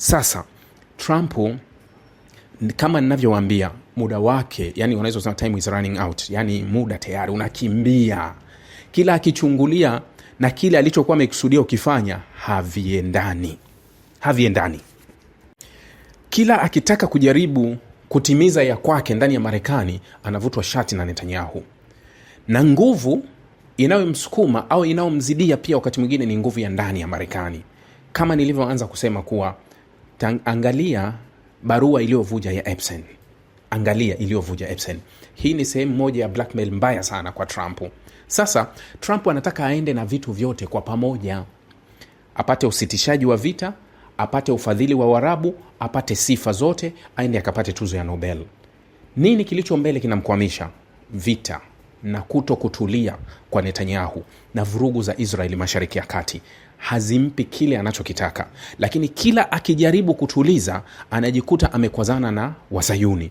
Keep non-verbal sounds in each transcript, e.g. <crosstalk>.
Sasa Trump kama ninavyowambia muda wake yani, unaweza kusema time is running out, yani muda tayari unakimbia. Kila akichungulia na kile alichokuwa amekusudia ukifanya haviendani, haviendani. Kila akitaka kujaribu kutimiza ya kwake ndani ya Marekani anavutwa shati na Netanyahu, na nguvu inayomsukuma au inayomzidia pia wakati mwingine ni nguvu ya ndani ya Marekani, kama nilivyoanza kusema kuwa Tang, angalia barua iliyovuja ya Epstein. Angalia iliyovuja Epstein. Hii ni sehemu moja ya blackmail mbaya sana kwa Trump. Sasa Trump anataka aende na vitu vyote kwa pamoja, apate usitishaji wa vita, apate ufadhili wa Warabu, apate sifa zote, aende akapate tuzo ya Nobel. Nini kilicho mbele kinamkwamisha? Vita na kuto kutulia kwa Netanyahu na vurugu za Israeli mashariki ya kati hazimpi kile anachokitaka, lakini kila akijaribu kutuliza anajikuta amekwazana na Wasayuni.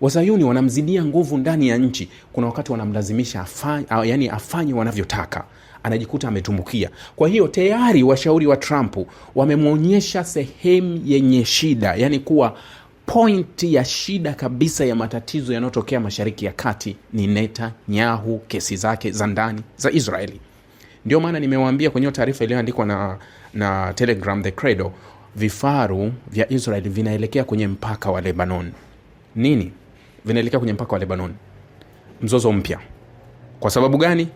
Wasayuni wanamzidia nguvu ndani ya nchi. Kuna wakati wanamlazimisha afanye, yani afanye wanavyotaka, anajikuta ametumbukia. Kwa hiyo tayari washauri wa Trump wamemwonyesha sehemu yenye shida, yani kuwa pointi ya shida kabisa ya matatizo yanayotokea Mashariki ya Kati ni Netanyahu, kesi zake za ndani za Israeli ndio maana nimewaambia kwenye taarifa iliyoandikwa na, na telegram the credo vifaru vya israel vinaelekea kwenye mpaka wa lebanon nini vinaelekea kwenye mpaka wa lebanon mzozo mpya kwa sababu gani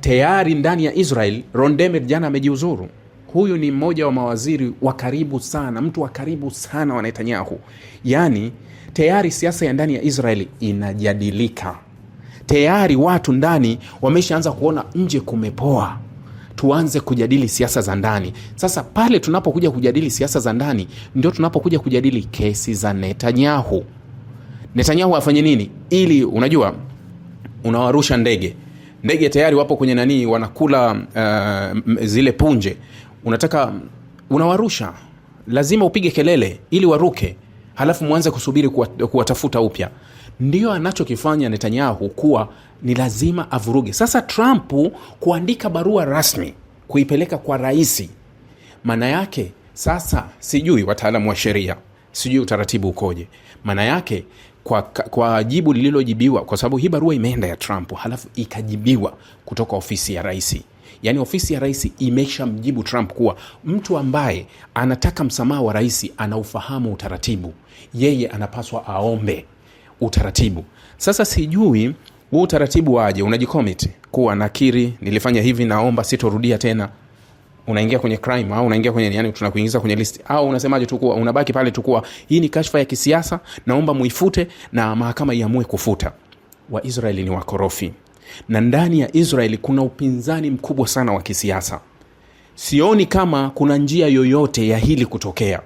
tayari ndani ya israel rondemir jana amejiuzuru huyu ni mmoja wa mawaziri wa karibu sana mtu wa karibu sana wa netanyahu yaani tayari siasa ya ndani ya israel inajadilika tayari watu ndani wameshaanza kuona nje kumepoa tuanze kujadili siasa za ndani. Sasa pale tunapokuja kujadili siasa za ndani, ndio tunapokuja kujadili kesi za Netanyahu. Netanyahu afanye nini? Ili unajua, unawarusha ndege, ndege tayari wapo kwenye nanii, wanakula uh, zile punje, unataka unawarusha, lazima upige kelele ili waruke, halafu mwanze kusubiri kuwatafuta upya ndio anachokifanya Netanyahu kuwa ni lazima avuruge. Sasa Trump kuandika barua rasmi kuipeleka kwa raisi, maana yake sasa, sijui wataalamu wa sheria, sijui utaratibu ukoje, maana yake kwa, kwa jibu lililojibiwa, kwa sababu hii barua imeenda ya Trump halafu ikajibiwa kutoka ofisi ya raisi Yaani ofisi ya rais imeshamjibu Trump kuwa mtu ambaye anataka msamaha wa rais anaufahamu utaratibu, yeye anapaswa aombe utaratibu. Sasa sijui huu utaratibu waje, unajikomit kuwa nakiri, nilifanya hivi, naomba sitorudia tena. Unaingia kwenye crime au unaingia kwenye yani, tunakuingiza kwenye list au unasemaje? Tukua unabaki pale, tu kuwa hii ni kashfa ya kisiasa, naomba muifute na mahakama iamue kufuta. Waisraeli ni wakorofi na ndani ya Israeli kuna upinzani mkubwa sana wa kisiasa. Sioni kama kuna njia yoyote ya hili kutokea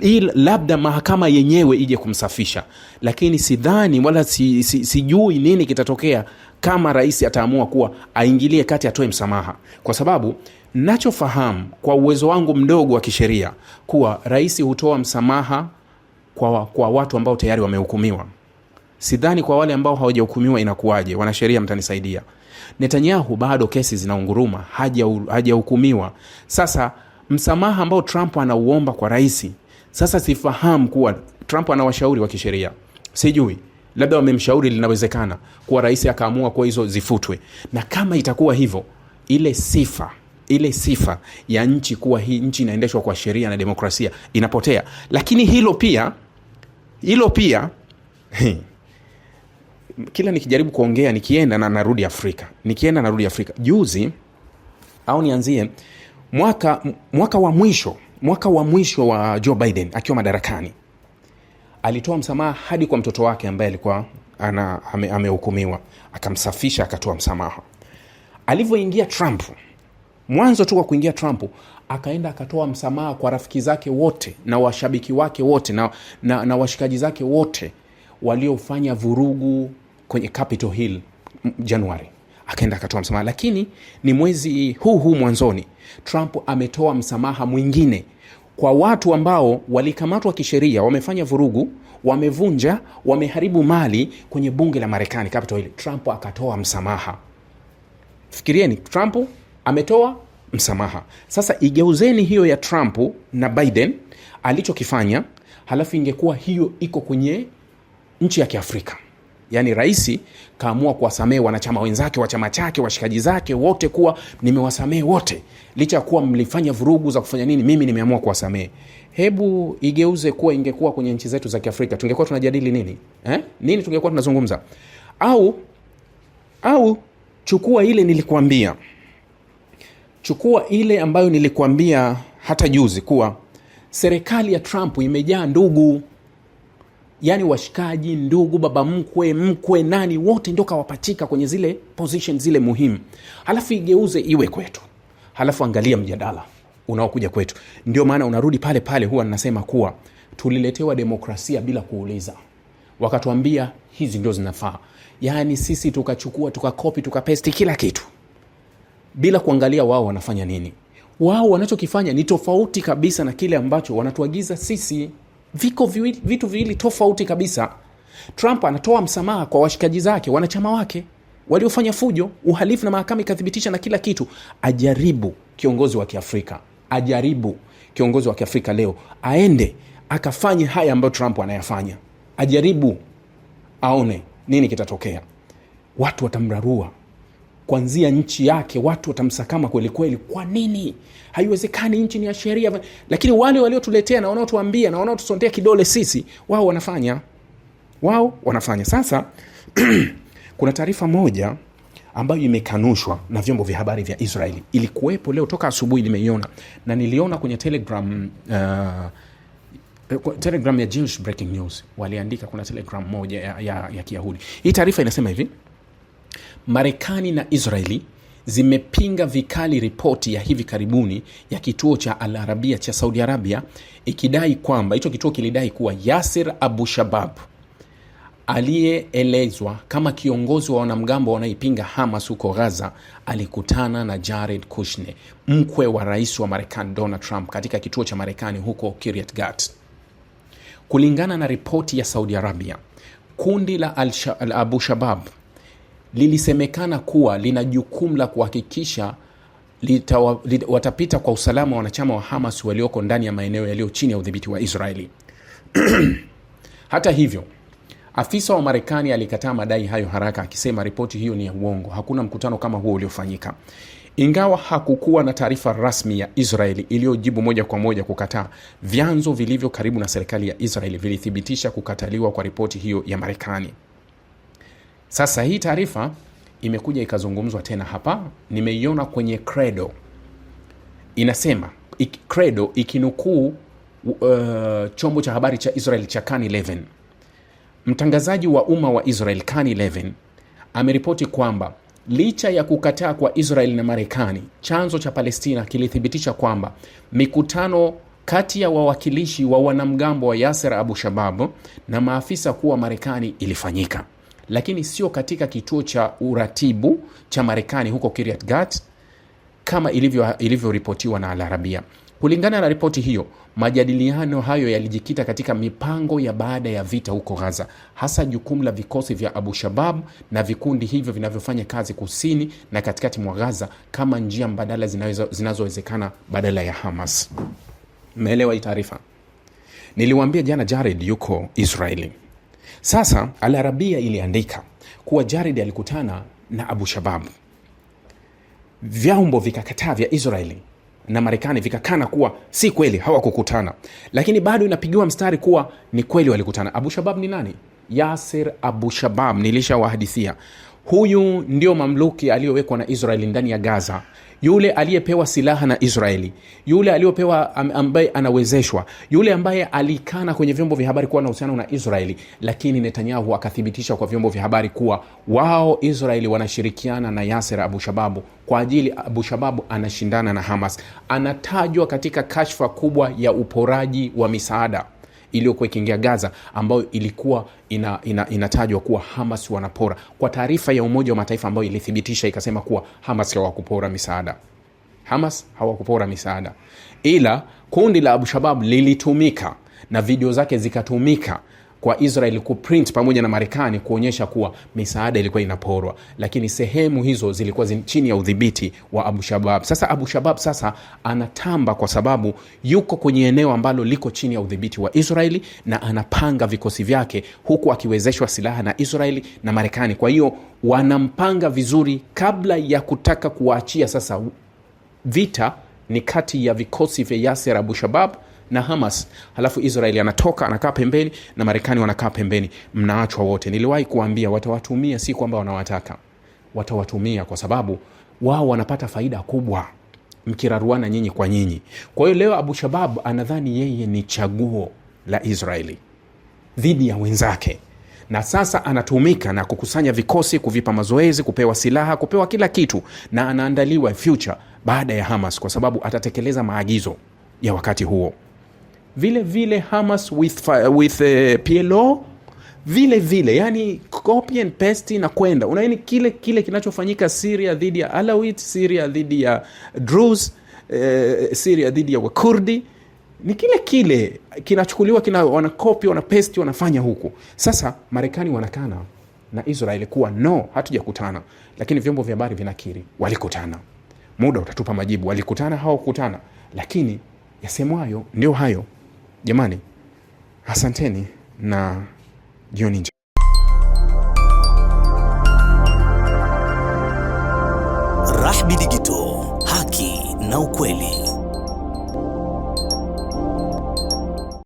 ili labda mahakama yenyewe ije kumsafisha, lakini sidhani wala si, si, sijui nini kitatokea kama rais ataamua kuwa aingilie kati, atoe msamaha, kwa sababu nachofahamu kwa uwezo wangu mdogo wa kisheria kuwa rais hutoa msamaha kwa, kwa watu ambao tayari wamehukumiwa. Sidhani kwa wale ambao hawajahukumiwa inakuwaje. Wanasheria mtanisaidia. Netanyahu bado kesi zinaunguruma, hajahukumiwa. Sasa msamaha ambao Trump anauomba kwa raisi sasa sifahamu kuwa Trump ana washauri wa kisheria, sijui labda wamemshauri, linawezekana kuwa rais akaamua kuwa hizo zifutwe, na kama itakuwa hivyo, ile sifa ile sifa ya nchi kuwa hii nchi inaendeshwa kwa sheria na demokrasia inapotea. Lakini hilo pia hilo pia he, <laughs> kila nikijaribu kuongea nikienda na narudi Afrika, nikienda narudi Afrika. Juzi au nianzie mwaka mwaka wa mwisho Mwaka wa mwisho wa Joe Biden akiwa madarakani alitoa msamaha hadi kwa mtoto wake ambaye alikuwa amehukumiwa, ame akamsafisha, akatoa msamaha. Alivyoingia Trump, mwanzo tu wa kuingia Trump, akaenda akatoa msamaha kwa rafiki zake wote na washabiki wake wote na, na, na washikaji zake wote waliofanya vurugu kwenye Capitol Hill Januari akaenda akatoa msamaha, lakini ni mwezi huu huu mwanzoni, Trump ametoa msamaha mwingine kwa watu ambao walikamatwa kisheria, wamefanya vurugu, wamevunja, wameharibu mali kwenye bunge la Marekani, Capitol Trump akatoa msamaha. Fikirieni, Trump ametoa msamaha. Sasa igeuzeni hiyo ya Trump na Biden alichokifanya, halafu ingekuwa hiyo iko kwenye nchi ya Kiafrika yani rais kaamua kuwasamehe wanachama wenzake wa chama chake washikaji zake wote, kuwa nimewasamehe wote, licha ya kuwa mlifanya vurugu za kufanya nini, mimi nimeamua kuwasamehe. Hebu igeuze kuwa ingekuwa kwenye nchi zetu za Kiafrika, tungekuwa tunajadili nini eh? Nini tungekuwa tunazungumza? Au au chukua ile nilikuambia, chukua ile ambayo nilikuambia hata juzi kuwa serikali ya Trump imejaa ndugu yani washikaji, ndugu, baba mkwe, mkwe, nani, wote ndo kawapatika kwenye zile position zile muhimu, halafu igeuze iwe kwetu, halafu angalia mjadala unaokuja kwetu. Ndio maana unarudi pale pale, huwa nasema kuwa tuliletewa demokrasia bila kuuliza, wakatuambia hizi ndio zinafaa, yaani sisi tukachukua tukakopi tukapesti kila kitu bila kuangalia wao wanafanya nini. Wao wanachokifanya ni tofauti kabisa na kile ambacho wanatuagiza sisi viko viwili, vitu viwili tofauti kabisa. Trump anatoa msamaha kwa washikaji zake, wanachama wake waliofanya fujo, uhalifu, na mahakama ikathibitisha na kila kitu. Ajaribu kiongozi wa Kiafrika, ajaribu kiongozi wa Kiafrika leo aende akafanye haya ambayo Trump anayafanya, ajaribu aone nini kitatokea. Watu watamrarua, kuanzia nchi yake watu watamsakama kwelikweli. Kwa nini? Haiwezekani, nchi ni ya sheria. Lakini wale waliotuletea na wanaotuambia na wanaotusondea kidole sisi, wao wanafanya, wao wanafanya. Sasa <clears throat> kuna taarifa moja ambayo imekanushwa na vyombo vya habari vya Israeli, ilikuwepo leo toka asubuhi, nimeiona na niliona kwenye Telegram uh, eh, Telegram ya Jewish Breaking News waliandika, kuna telegram moja ya, ya, ya Kiyahudi. Hii taarifa inasema hivi: Marekani na Israeli zimepinga vikali ripoti ya hivi karibuni ya kituo cha Al Arabia cha Saudi Arabia ikidai kwamba hicho kituo kilidai kuwa Yasir Abu Shabab aliyeelezwa kama kiongozi wa wanamgambo wanaipinga Hamas huko Gaza alikutana na Jared Kushner, mkwe wa rais wa Marekani Donald Trump, katika kituo cha Marekani huko Kiryat Gat. Kulingana na ripoti ya Saudi Arabia, kundi la Abu Shabab lilisemekana kuwa lina jukumu la kuhakikisha watapita kwa usalama wa wanachama wa Hamas walioko ndani ya maeneo yaliyo chini ya udhibiti wa Israeli. <clears throat> Hata hivyo, afisa wa Marekani alikataa madai hayo haraka, akisema ripoti hiyo ni ya uongo, hakuna mkutano kama huo uliofanyika. Ingawa hakukuwa na taarifa rasmi ya Israeli iliyojibu moja kwa moja kukataa, vyanzo vilivyo karibu na serikali ya Israeli vilithibitisha kukataliwa kwa ripoti hiyo ya Marekani. Sasa hii taarifa imekuja ikazungumzwa tena hapa, nimeiona kwenye Credo inasema ik, Credo ikinukuu uh, chombo cha habari cha Israel cha Kan 11 mtangazaji wa umma wa Israel Kan 11 ameripoti kwamba licha ya kukataa kwa Israel na Marekani, chanzo cha Palestina kilithibitisha kwamba mikutano kati ya wawakilishi wa wanamgambo wa Yasser Abu Shababu na maafisa kuwa Marekani ilifanyika lakini sio katika kituo cha uratibu cha Marekani huko Kiryat Gat kama ilivyoripotiwa na alarabia Kulingana na ripoti hiyo, majadiliano hayo yalijikita katika mipango ya baada ya vita huko Gaza, hasa jukumu la vikosi vya Abu Shabab na vikundi hivyo vinavyofanya kazi kusini na katikati mwa Gaza kama njia mbadala zinazowezekana badala ya Hamas. Mmeelewa hii taarifa? Niliwaambia jana Jared yuko Israeli. Sasa Alarabia iliandika kuwa Jared alikutana na Abu Shabab, vyombo vikakataa vya Israeli na Marekani vikakana kuwa si kweli, hawakukutana, lakini bado inapigiwa mstari kuwa ni kweli walikutana. Abu Shabab ni nani? Yasir Abu Shabab nilishawahadithia. Huyu ndio mamluki aliyowekwa na Israeli ndani ya Gaza yule aliyepewa silaha na Israeli, yule aliyopewa ambaye anawezeshwa, yule ambaye alikana kwenye vyombo vya habari kuwa na uhusiano na Israeli, lakini Netanyahu akathibitisha kwa vyombo vya habari kuwa wao Israeli wanashirikiana na yaser Abu Shababu kwa ajili Abu Shababu anashindana na Hamas. Anatajwa katika kashfa kubwa ya uporaji wa misaada iliyokuwa ikiingia Gaza ambayo ilikuwa ina, ina, inatajwa kuwa Hamas wanapora, kwa taarifa ya Umoja wa Mataifa ambayo ilithibitisha ikasema kuwa Hamas hawakupora misaada. Hamas hawakupora misaada, ila kundi la Abu lilitumika na video zake zikatumika kwa Israel kuprint pamoja na Marekani kuonyesha kuwa misaada ilikuwa inaporwa, lakini sehemu hizo zilikuwa chini ya udhibiti wa Abu Shabab. Sasa Abu Shabab sasa anatamba kwa sababu yuko kwenye eneo ambalo liko chini ya udhibiti wa Israeli na anapanga vikosi vyake huku akiwezeshwa silaha na Israeli na Marekani. Kwa hiyo wanampanga vizuri kabla ya kutaka kuwaachia. Sasa vita ni kati ya vikosi vya yaser Abu Shabab na Hamas, halafu Israeli anatoka anakaa pembeni na Marekani wanakaa pembeni, mnaachwa wote. Niliwahi kuambia watawatumia, si kwamba wanawataka, watawatumia kwa sababu wao wanapata faida kubwa mkiraruana nyinyi kwa nyinyi. Kwa hiyo leo Abu Shabab anadhani yeye ni chaguo la Israeli dhidi ya wenzake, na sasa anatumika na kukusanya vikosi, kuvipa mazoezi, kupewa silaha, kupewa kila kitu, na anaandaliwa future baada ya Hamas, kwa sababu atatekeleza maagizo ya wakati huo vile vile Hamas with, with uh, eh, PLO vile vile, yani copy and paste inakwenda, unaini kile kile kinachofanyika Syria dhidi ya Alawit, Syria dhidi ya Druze, eh, Syria dhidi ya Wakurdi ni kile kile kinachukuliwa kina wanakopi wanapesti wanafanya huku. Sasa Marekani wanakana na israel kuwa no, hatujakutana, lakini vyombo vya habari vinakiri walikutana. Muda utatupa majibu, walikutana hawakutana, lakini yasemwayo ndio hayo. Jamani, asanteni na jioni njema. rahbi digito haki na ukweli.